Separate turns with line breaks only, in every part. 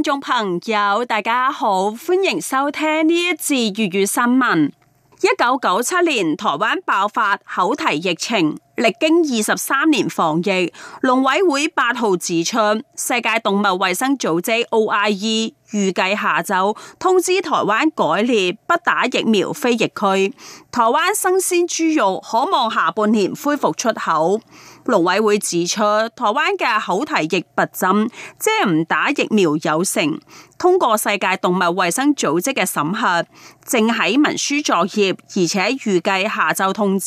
觀眾朋友，大家好，歡迎收聽呢一節粵語新聞。一九九七年台灣爆發口蹄疫情，歷經二十三年防疫，農委會八號指出，世界動物衛生組織 OIE 預計下週通知台灣改列不打疫苗非疫區。台灣生鮮豬肉可望下半年恢復出口。農委會指出，台灣嘅口蹄疫拔針即係唔打疫苗有成，通過世界動物衛生組織嘅審核，正喺文書作業，而且預計下週通知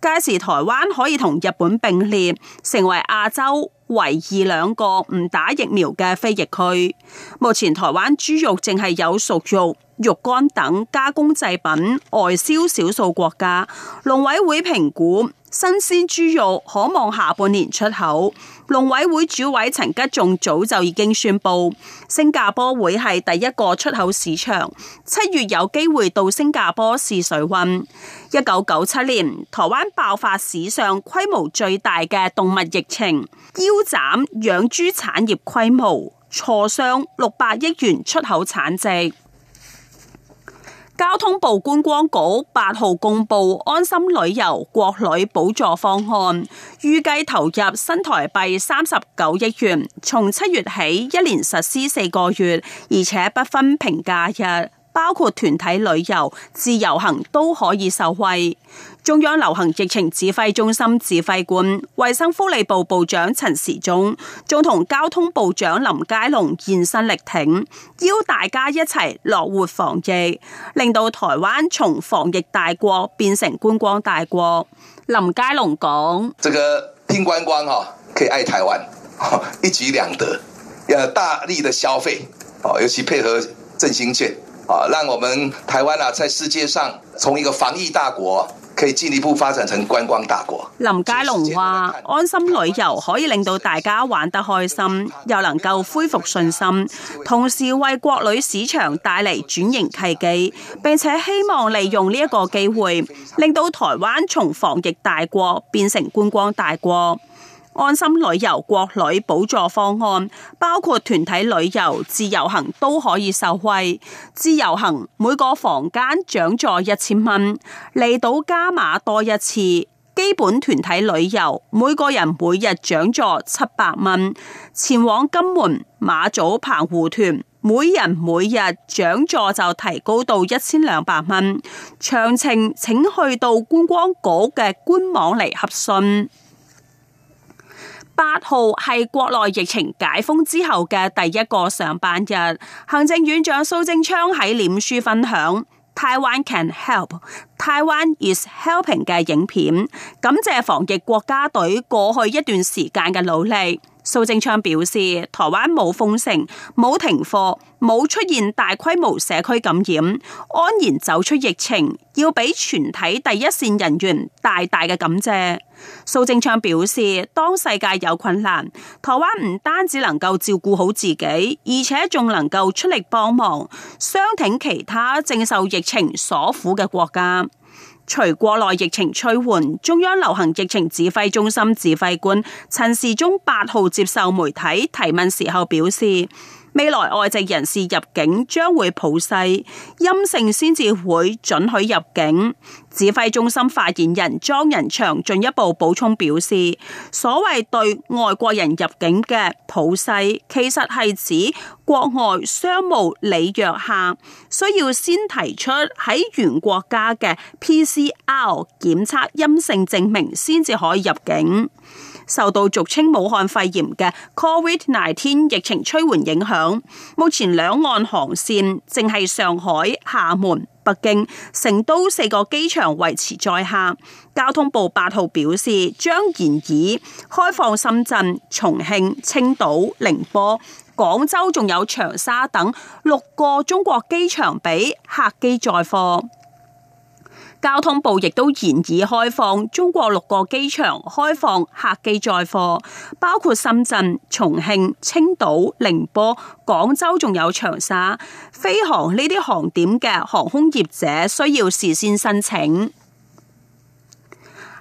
屆時，台灣可以同日本並列成為亞洲唯二兩個唔打疫苗嘅非疫區。目前台灣豬肉淨係有熟肉、肉乾等加工製品外銷少數國家。農委會評估。新鮮豬肉可望下半年出口。農委會主委陳吉仲早就已經宣佈，新加坡會係第一個出口市場。七月有機會到新加坡試水温。一九九七年，台灣爆發史上規模最大嘅動物疫情，腰斬養豬產業，業規模，挫傷六百億元出口產值。交通部觀光局八號公佈安心旅遊國旅補助方案，預計投入新台幣三十九億元，從七月起一年實施四個月，而且不分平假日。包括團體旅遊、自由行都可以受惠。中央流行疫情指揮中心指揮官、衛生福利部部長陳時中，仲同交通部長林佳龍現身力挺，邀大家一齊樂活防疫，令到台灣從防疫大國變成觀光大國。林佳龍講：這個拼觀光可以愛台灣，一舉兩得，要大力的消費，尤其配合振興券。啊！讓我們台灣啊，在世界上從一個防疫大國，可以進一步發展成觀光大國。林佳龍話：安心旅遊可以令到大家玩得開心，又能夠恢復信心，同時為國旅市場帶嚟轉型契機，並且希望利用呢一個機會，令到台灣從防疫大國變成觀光大國。安心旅遊國旅補助方案，包括團體旅遊、自由行都可以受惠。自由行每個房間獎座一千蚊，離島加碼多一次。基本團體旅遊每個人每日獎座七百蚊。前往金門馬祖澎湖團，每人每日獎座就提高到一千兩百蚊。詳情請去到觀光局嘅官網嚟查詢。八號係國內疫情解封之後嘅第一個上班日，行政院長蘇貞昌喺臉書分享《Taiwan Can Help, Taiwan Is Helping》嘅影片，感謝防疫國家隊過去一段時間嘅努力。蘇貞昌表示，台灣冇封城、冇停課、冇出現大規模社區感染，安然走出疫情，要俾全體第一線人員大大嘅感謝。蘇貞昌表示，當世界有困難，台灣唔單止能夠照顧好自己，而且仲能夠出力幫忙，相挺其他正受疫情所苦嘅國家。隨國內疫情趨緩，中央流行疫情指揮中心指揮官陳時中八號接受媒體提問時候表示。未來外籍人士入境將會普篩，陰性先至會准許入境。指揮中心發言人莊人祥進一步補充表示，所謂對外國人入境嘅普篩，其實係指國外商務履約客需要先提出喺原國家嘅 PCR 檢測陰性證明，先至可以入境。受到俗稱武漢肺炎嘅 Covid-19 疫情趨緩影響，目前兩岸航線正係上海、廈門、北京、成都四個機場維持載客。交通部八號表示，將研議開放深圳、重慶、青島、寧波、廣州仲有長沙等六個中國機場俾客機載貨。交通部亦都研議開放中國六個機場開放客機載貨，包括深圳、重慶、青島、寧波、廣州，仲有長沙。飛航呢啲航點嘅航空業者需要事先申請。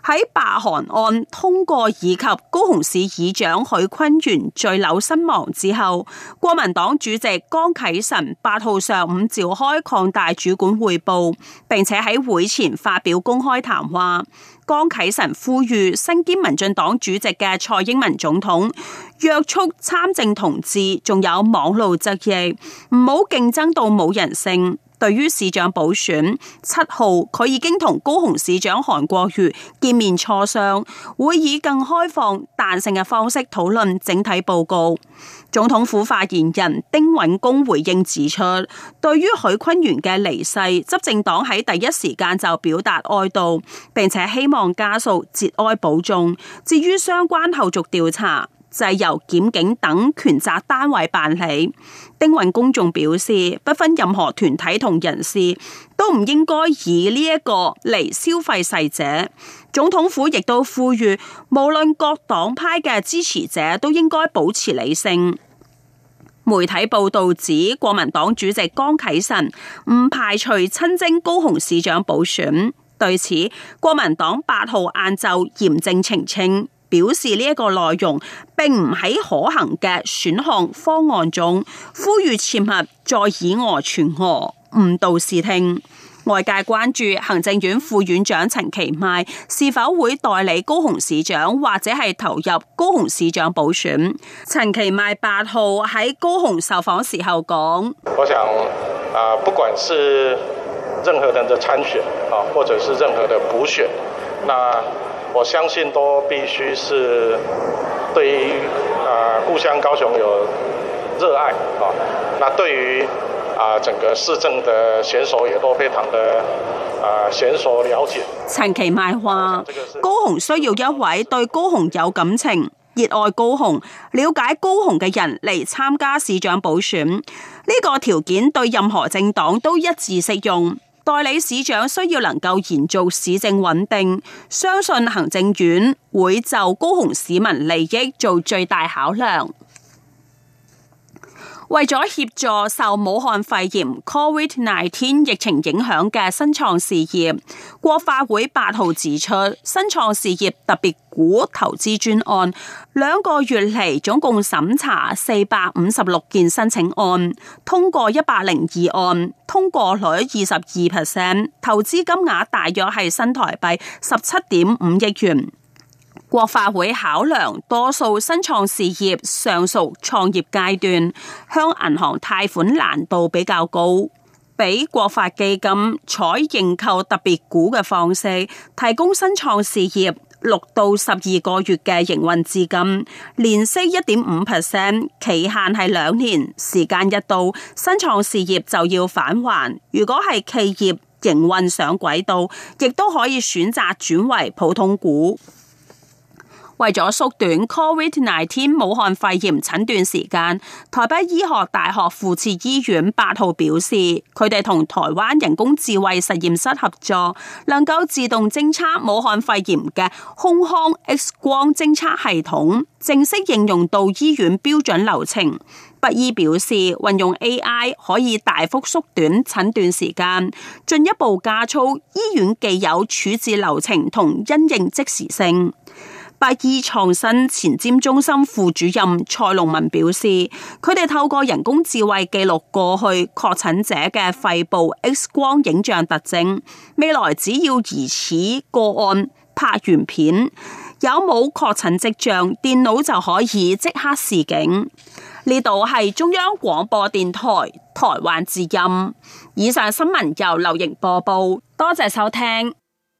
喺罷韓案通過以及高雄市議長許崑源墜樓身亡之後國民黨主席江啟臣八號上午召開擴大主管會報，並且喺會前發表公開談話。江啟臣呼籲身兼民進黨主席嘅蔡英文總統，約束參政同志，仲有網路側翼，唔好競爭到冇人性。對於市長補選七號，佢已經同高雄市長韓國瑜見面磋商，會以更開放彈性嘅方式討論整體報告。總統府發言人丁允恭回應指出，對於許崑源嘅離世，執政黨喺第一時間就表達哀悼，並且希望家屬節哀保重。至於相關後續調查，就由檢警等權責單位辦理。丁允恭表示，不分任何團體同人士，都唔應該以呢一個嚟消費逝者。總統府亦都呼籲，無論各黨派嘅支持者都應該保持理性。媒體報道指，國民黨主席江啟臣唔排除親征高雄市長補選。對此，國民黨八號晏晝嚴正澄清。表示呢一個內容並唔喺可行嘅選項方案中，呼籲切勿再以訛傳訛誤導視聽。外界關注行政院副院長陳其邁是否會代理高雄市長，或者係投入高雄市長補選。陳其邁八號喺高雄受訪時候講：，我想啊，不管是任何人的參選啊，或者是任何的補選，那。我相信都必須是對於啊、呃、故鄉高雄有熱愛啊，那對於啊、呃、整個市政的選手也都非常的啊、呃、選手了解。陳其邁話高雄需要一位對高雄有感情、熱愛高雄、了解高雄嘅人嚟參加市長補選，呢、這個條件對任何政黨都一致適用。代理市長需要能夠延續市政穩定，相信行政院會就高雄市民利益做最大考量。為咗協助受武漢肺炎 （Covid-19） 疫情影響嘅新創事業，國發會八號指出，新創事業特別股投資專案兩個月嚟總共審查四百五十六件申請案，通過一百零二案，通過率二十二%，投資金額大約係新台幣十七點五億元。國發會考量多數新創事業尚屬創業階段，向銀行貸款難度比較高，俾國發基金採認購特別股嘅方式，提供新創事業六到十二個月嘅營運資金，年息一點五 percent，期限係兩年，時間一到新創事業就要返還。如果係企業營運上軌道，亦都可以選擇轉為普通股。為咗縮短 COVID-19 武漢肺炎診斷時間，台北醫學大學附設醫院八號表示，佢哋同台灣人工智慧實驗室合作，能夠自動偵測武漢肺炎嘅胸腔 X 光偵測系統，正式應用到醫院標準流程。北醫表示，運用 AI 可以大幅縮短診斷時間，進一步加速醫院既有處置流程同因應即時性。北醫創新前瞻中心副主任蔡龍文表示，佢哋透過人工智慧記錄過去確診者嘅肺部 X 光影像特徵，未來只要疑似個案拍完片，有冇確診跡象，電腦就可以即刻示警。呢度係中央廣播電台台灣之音。以上新聞由劉瑩播報，多謝收聽。